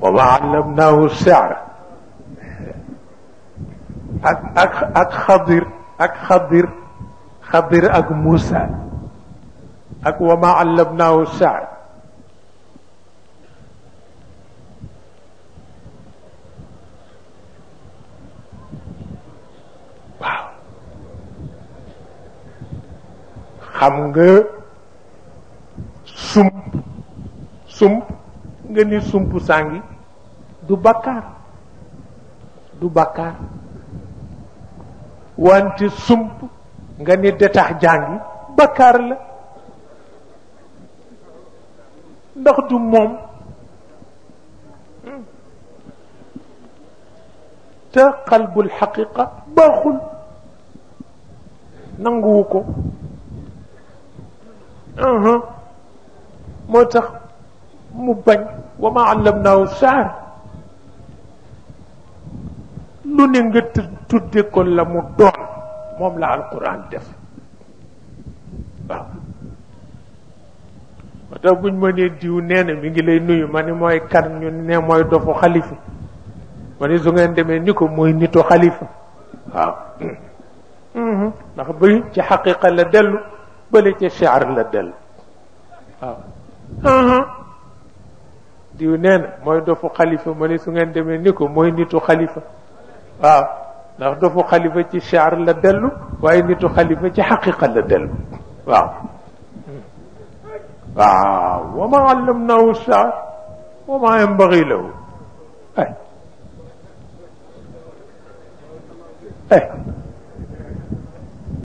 وما علمناه السعر أك, أك, أك خضر أك خضر خضر أك موسى أك وما علمناه السعر xam سم سم nga ni sump sàngi du bàkkaar du bàkkaar wante sump nga ni detax jàngi bàkkaar la ndax du moom te qalbul xaqiqa baaxul nanguwu moo tax mu bañ wa ma allamnaahu sha'r lu ne nga tudde ko la mu doon moom la alquran def waaw moo buñ ma nee diw nee na mi ngi lay nuyu ma ni mooy kan ñu ne mooy dofu xalifa ma ni su ngeen demee ni ko mooy nitu xalifa waaw mm-hmm. ndax bëri ci xaqiqa la dellu bële ci sha'r la dellu waaw mm-hmm. diw neena na mooy dofu xalifa ma ne su ngeen demee ni ko mooy nitu xalifa waaw ndax dofu xalifa ci chaar la dellu waaye nitu xalifa ci xaqiqa la dellu waaw waaw wa ma allamnahu chaar wa ma yambagi lahu ay eh